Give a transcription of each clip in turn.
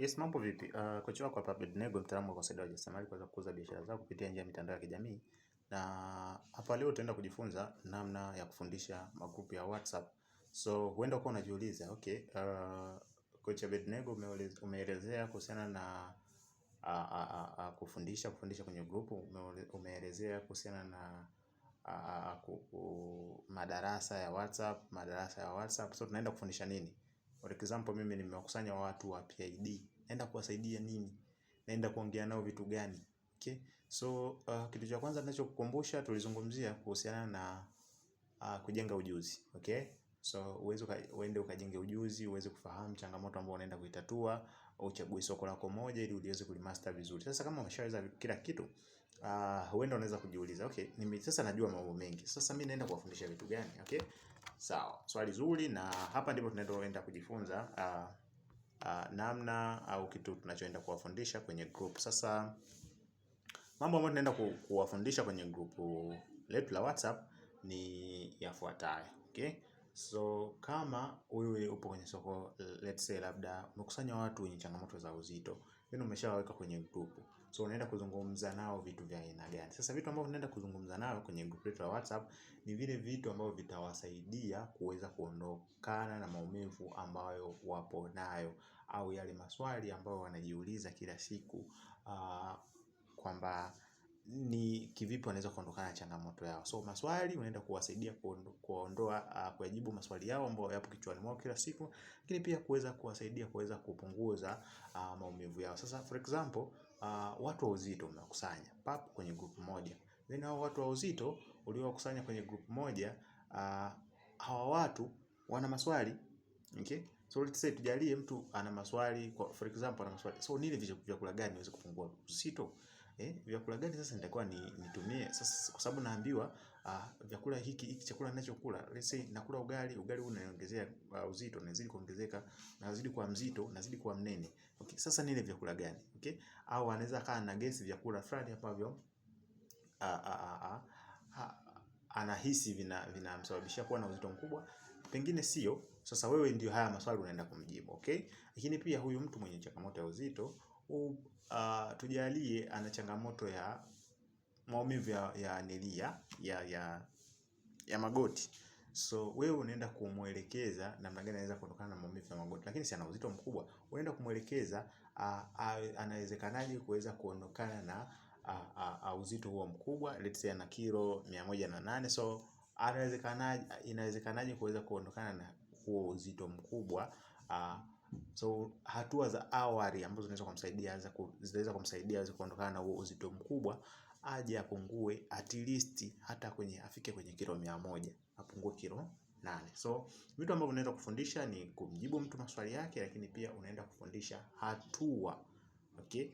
Yes, mambo vipi? Uh, ah, kocha wako hapa Abednego, mtaalamu wa kusaidia wajasiriamali kuweza kukuza biashara zao kupitia njia ya mitandao ya kijamii. Na hapa leo tutaenda kujifunza namna ya kufundisha magrupu ya WhatsApp. So huenda uko unajiuliza, okay, uh, ah, kocha Abednego umeelezea kuhusiana na a, ah, a, a, a, kufundisha kufundisha kwenye grupu, umeelezea kuhusiana na a, a, ku, u, madarasa ya WhatsApp, madarasa ya WhatsApp. So tunaenda kufundisha nini? For example, mimi nimewakusanya watu wa PID naenda kuwasaidia nini, naenda kuongea nao vitu gani. Okay. So uh, kitu cha kwanza ninachokukumbusha tulizungumzia kuhusiana na uh, kujenga ujuzi. Okay? So uweze uende ukajenge ujuzi, uweze kufahamu changamoto ambayo unaenda kuitatua, uchague soko lako moja ili uweze kulimaster vizuri. Sasa kama umeshaweza kila kitu, uh, huenda unaweza kujiuliza, okay, mimi sasa najua mambo mengi. Sasa mimi naenda kuwafundisha vitu gani? Okay? Sawa. So, swali zuri na hapa ndipo tunaenda kujifunza uh, uh, namna au kitu tunachoenda kuwafundisha kwenye group. Sasa mambo ambayo tunaenda ku, kuwafundisha kwenye group letu la WhatsApp ni yafuatayo. Okay? So kama wewe upo kwenye soko let's say labda umekusanya watu wenye changamoto za uzito, then umeshawaweka kwenye group. So unaenda kuzungumza nao vitu vya aina gani? Sasa vitu ambavyo unaenda kuzungumza nao kwenye group letu la WhatsApp ni vile vitu ambavyo vitawasaidia kuweza kuondokana na maumivu ambayo wapo nayo au yale maswali ambayo wanajiuliza kila siku kwamba ni kivipi wanaweza kuondokana na changamoto yao. So maswali unaenda kuwasaidia kuondoa kuyajibu maswali yao ambayo yapo kichwani mwao kila siku, lakini pia kuweza kuwasaidia kuweza kupunguza maumivu yao. Sasa for example, watu wa uzito umewakusanya pap kwenye group moja, then hao watu wa uzito uliowakusanya kwenye group moja, hawa watu wana maswali okay? So let's say tujalie mtu ana maswali kwa for example ana maswali. So nile vyakula gani niweze kupungua uzito? Eh, vyakula gani sasa nitakuwa ni, nitumie sasa kwa sababu naambiwa uh, vyakula hiki hiki chakula ninachokula let's say nakula ugali, ugali huu unaongezea uh, ah, uzito, nazidi kuongezeka, nazidi kuwa mzito, nazidi kuwa mnene. Okay, sasa nile vyakula gani? Okay? Au anaweza kaa na gesi vyakula fulani ambavyo ah, ah, a ah, anahisi vinamsababishia vina kuwa na uzito mkubwa, pengine sio sasa wewe ndio haya maswali unaenda kumjibu, okay? Lakini pia huyu mtu mwenye changamoto ya uzito u, uh, tujalie ana changamoto ya maumivu ya ya nilia ya ya, ya magoti. So wewe unaenda kumwelekeza namna gani anaweza kutokana na maumivu ya magoti, lakini si ana uzito mkubwa. Unaenda kumwelekeza anawezekanaje kuweza kuondokana na a, a, a uzito huo mkubwa, let's say ana kilo mia moja na nane. So anawezekanaje, inawezekanaje kuweza kuondokana na huo uzito mkubwa uh, so hatua za awali ambazo zinaweza kumsaidia zinaweza kumsaidia aweze kuondokana na huo uzito mkubwa, aje apungue at least hata kwenye afike kwenye kilo mia moja apungue kilo nane. So vitu ambavyo unaenda kufundisha ni kumjibu mtu maswali yake, lakini pia unaenda kufundisha hatua okay,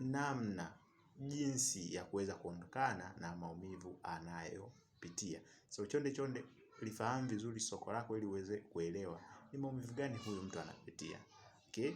namna jinsi ya kuweza kuondokana na maumivu anayopitia. So chonde chonde lifahamu vizuri soko lako ili uweze kuelewa ni maumivu gani huyu mtu anapitia. Okay?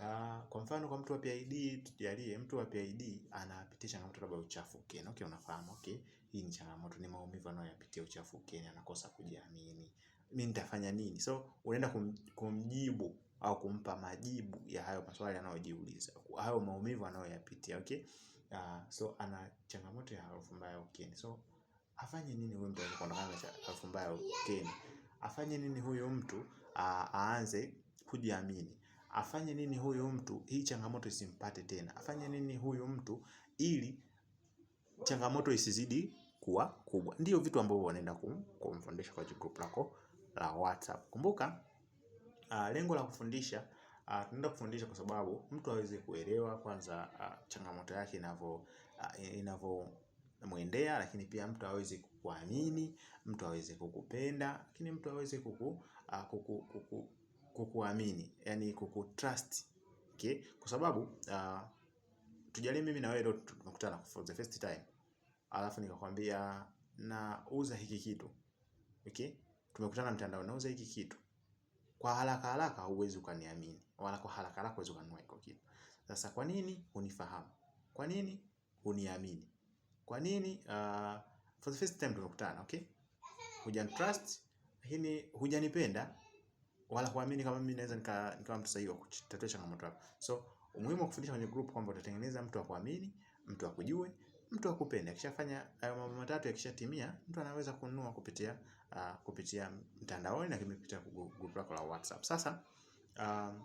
Uh, kwa mfano kwa mtu wa PID tujalie, mtu wa PID anapitia changamoto labda uchafu ukeni. Okay, unafahamu okay, hii ni changamoto, ni maumivu anayopitia uchafu ukeni, anakosa kujiamini. Mimi nitafanya nini? So unaenda kum, kumjibu au kumpa majibu ya hayo maswali anayojiuliza, hayo maumivu anayoyapitia. Okay? Uh, so ana changamoto ya harufu mbaya ukeni. So afanye nini huyu mtu kuondokana na harufu mbaya ukeni? Afanye nini huyu mtu aanze kujiamini? Afanye nini huyu mtu hii changamoto isimpate tena? Afanye nini huyu mtu ili changamoto isizidi kuwa kubwa? Ndio vitu ambavyo wanaenda kumfundisha kwa group lako la WhatsApp. Kumbuka uh, lengo la kufundisha uh, tunaenda kufundisha kwa sababu mtu aweze kuelewa kwanza uh, changamoto yake inavyo uh, inavyo mwendea, lakini pia mtu aweze kukuamini, mtu aweze kukupenda, lakini mtu aweze kuku, uh, kuku, kuku, kukuamini, yani kukutrust okay? Kwa sababu uh, tujalie mimi na wewe leo tunakutana for the first time, alafu nikakwambia nauza hiki kitu okay? Tumekutana mtandao, nauza hiki kitu kwa haraka haraka huwezi ukaniamini, wala kwa haraka haraka huwezi ukanunua hiko kitu. Sasa kwa nini unifahamu? Kwa nini uniamini? Kwa nini? Uh, for the first time tumekutana, okay? hujan trust lakini hujanipenda wala kuamini kama mimi naweza nika, nikawa mtu sahihi wa kutatua changamoto yako. So umuhimu wa kufundisha kwenye group kwamba utatengeneza mtu wa kuamini mtu wa kujue mtu akupende. Akishafanya hayo uh, mambo matatu yakishatimia, mtu anaweza kununua kupitia uh, kupitia mtandaoni na kimepitia group lako la WhatsApp. Sasa um,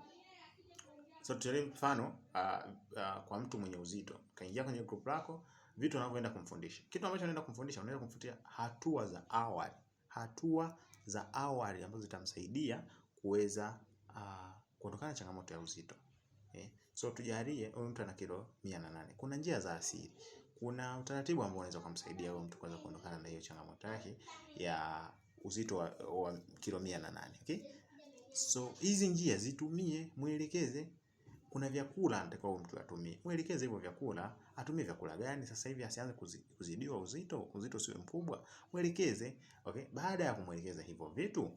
so tutolee mfano uh, uh, kwa mtu mwenye uzito. Kaingia kwenye group lako vitu anavyoenda kumfundisha. Kitu ambacho anaenda kumfundisha, anaenda kumfundisha hatua za awali, hatua za awali ambazo zitamsaidia kuweza uh, kuondokana na changamoto ya uzito eh. So tujalie huyu mtu ana kilo 108. Kuna njia za asili, kuna utaratibu ambao unaweza kumsaidia huyu mtu kuweza kuondokana na hiyo changamoto yake ya uzito wa, wa kilo 108. Okay, so hizi njia zitumie, mwelekeze kuna vyakula anatakiwa huyu mtu atumie, mwelekeze hivyo vyakula, atumie vyakula gani sasa hivi, asianze kuzidiwa uzito, uzito usiwe mkubwa, mwelekeze. Okay, baada ya kumwelekeza hivyo vitu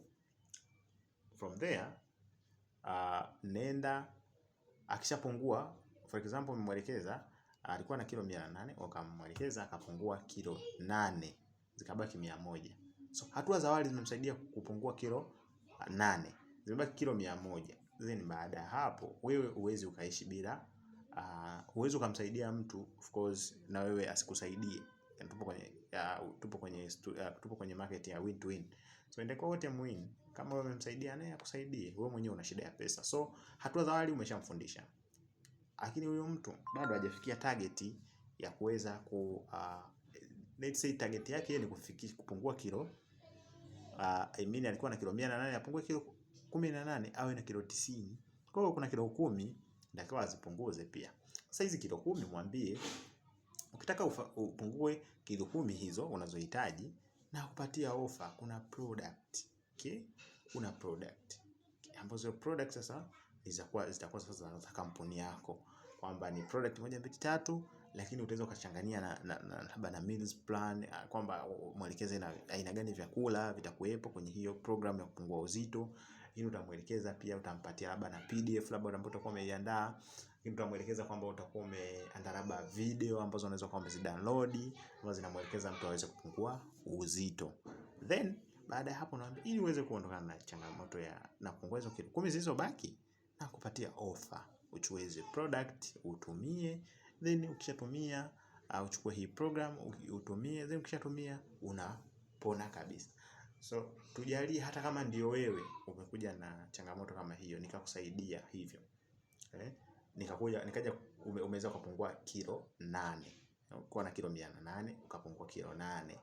from there uh, nenda akishapungua, for example umemwelekeza alikuwa na kilo mia na nane wakamwelekeza akapungua kilo nane zikabaki mia moja so hatua za awali zimemsaidia kupungua kilo nane zimebaki kilo mia moja then baada ya hapo wewe uwezi ukaishi bila uh, ah, uwezi ukamsaidia mtu of course na wewe asikusaidie. Tupo kwenye uh, tupo kwenye uh, tupo kwenye market ya win to win, so endeko wote mwin. Kama wewe umemsaidia naye akusaidie, wewe mwenyewe una shida ya pesa, so hatua za awali umeshamfundisha, lakini huyo mtu bado hajafikia target ya kuweza ku uh, let's say target yake ni kufikia kupungua kilo uh, I mean alikuwa na kilo 108 apungue kilo kumi na nane awe na kilo tisini. Kwa hiyo kuna kilo kumi natakiwa azipunguze pia. Sasa hizi kilo kumi mwambie ukitaka upungue kilo kumi hizo unazohitaji na kupatia ofa, kuna product okay, kuna product ambazo product sasa zitakuwa zitakuwa sasa za kampuni yako, kwamba ni product moja mbili tatu, lakini utaweza ukachanganyia na na, na, na meals plan ah, kwamba mwelekeze na aina gani vyakula vitakuwepo kwenye hiyo program ya kupungua uzito lakini utamwelekeza pia, utampatia labda na PDF labda ambayo utakuwa umeiandaa, lakini utamwelekeza kwamba utakuwa umeandaa labda video ambazo unaweza kuwa umezidownload ambazo zinamwelekeza mtu aweze kupungua uzito. Then baada ya hapo unaambia ili uweze kuondokana na changamoto ya na kupungua hizo kilo kumi zilizobaki, na kupatia offer uchukue product utumie, then ukishatumia, uh, uchukue hii program utumie, then ukishatumia unapona kabisa. So tujalie hata kama ndio wewe umekuja na changamoto kama hiyo nikakusaidia hivyo. Eh? Nikakuja nikaja ume, umeweza kupungua kilo nane. Ulikuwa na kilo nane ukapungua kilo nane.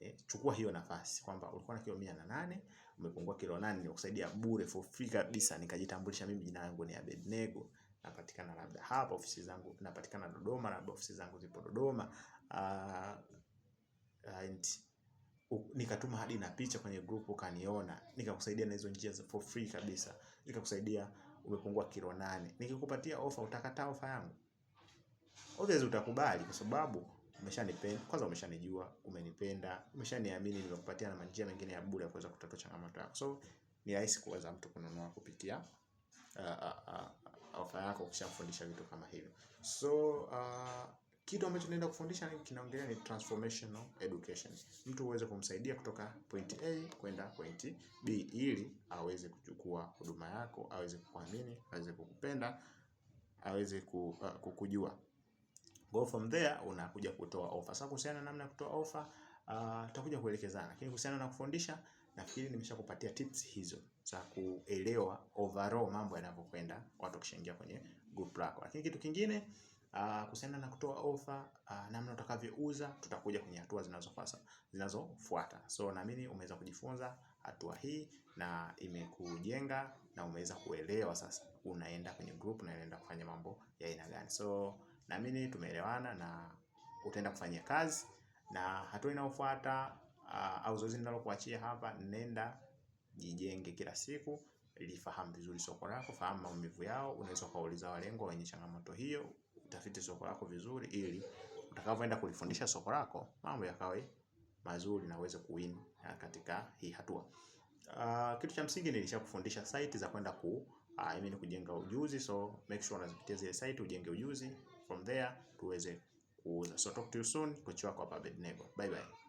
Eh, chukua hiyo nafasi kwamba ulikuwa na kilo nane umepungua kilo nane nikakusaidia bure for free kabisa nikajitambulisha mimi jina langu ni Abednego napatikana labda hapa ofisi zangu napatikana Dodoma labda ofisi zangu zipo Dodoma uh, uh, nikatuma hadi na picha kwenye grupu ukaniona, nikakusaidia na hizo njia for free kabisa, nikakusaidia umepungua kilo nane, nikikupatia ofa, utakataa ofa yangu? Obviously utakubali, kwa sababu umeshanipenda kwanza, umeshanijua, umenipenda, umeshaniamini, nimekupatia na njia mengine ya bure ya kuweza kutatua changamoto yako, so ni rahisi kuweza mtu kununua kupitia uh, uh, uh, ofa yako ukishamfundisha vitu kama hivyo so uh, kitu ambacho naenda kufundisha ni kinaongelea ni transformational education. Mtu uweze kumsaidia kutoka point A kwenda point B ili aweze kuchukua huduma yako, aweze kukuamini, aweze kukupenda, aweze uh, kukujua. Go from there unakuja kutoa offer. Sasa kuhusiana na namna ya kutoa offer, uh, tutakuja kuelekezana. Lakini kuhusiana na kufundisha nafikiri nimeshakupatia tips hizo za kuelewa overall mambo yanavyokwenda watu kishaingia kwenye group lako. Lakini kitu kingine Uh, kuhusiana na kutoa ofa uh, namna utakavyouza tutakuja kwenye hatua zinazofuata zinazofuata. So naamini umeweza kujifunza hatua hii na imekujenga na umeweza kuelewa sasa unaenda kwenye group na unaenda kufanya mambo ya aina gani. So naamini tumeelewana na utaenda kufanyia kazi na hatua inayofuata uh, au zoezi ninalokuachia hapa, nenda jijenge kila siku, lifahamu vizuri soko lako, fahamu maumivu yao. Unaweza kuwauliza walengwa wenye changamoto hiyo utafiti soko lako vizuri, ili utakavyoenda kulifundisha soko lako mambo yakawe mazuri na uweze kuwin eh, katika hii hatua. Uh, kitu cha msingi nilishakufundisha site za kwenda ku uh, I mean kujenga ujuzi, so make sure unazipitia zile site ujenge ujuzi from there tuweze kuuza. So talk to you soon, coach wako hapa Abednego. Bye bye.